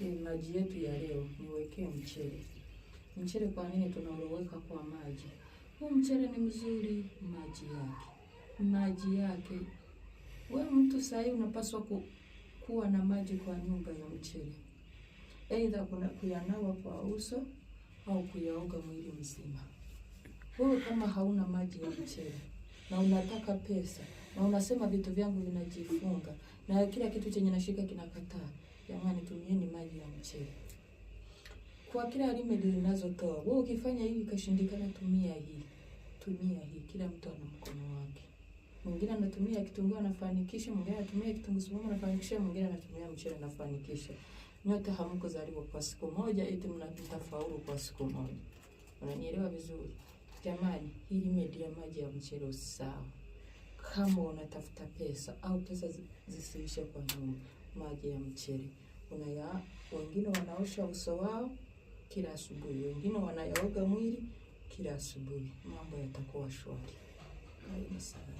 ni maji yetu ya leo, niwekee mchele. Mchele kwa nini tunauloweka kwa maji? Huu mchele ni mzuri, maji yake, maji yake. We mtu sahii unapaswa ku, kuwa na maji kwa nyumba ya mchele, aidha kuna kuyanawa kwa uso au kuyaoga mwili mzima. Wewe kama hauna maji ya mchele na unataka pesa na unasema vitu vyangu vinajifunga na kila kitu chenye nashika kinakataa Jamani, tumieni maji ya mchele. Kwa kila remedy ninazotoa, wewe ukifanya hivi kashindikana, tumia hii, tumia hii. Kila mtu ana mkono wake. Mwingine anatumia kitunguu anafanikisha, mwingine anatumia kitunguu saumu anafanikisha, mwingine anatumia mchele anafanikisha. Nyote hamkuzaliwa kwa siku moja eti mnatafaulu kwa siku moja. Unanielewa vizuri? Jamani, hii remedy ya maji ya mchele sawa. Kama unatafuta pesa au pesa zisiishe kwa nyumba, maji ya mchele unaya, wengine wanaosha uso wao kila asubuhi, wengine wanayaoga mwili kila asubuhi, mambo yatakuwa shwari. Hayo ni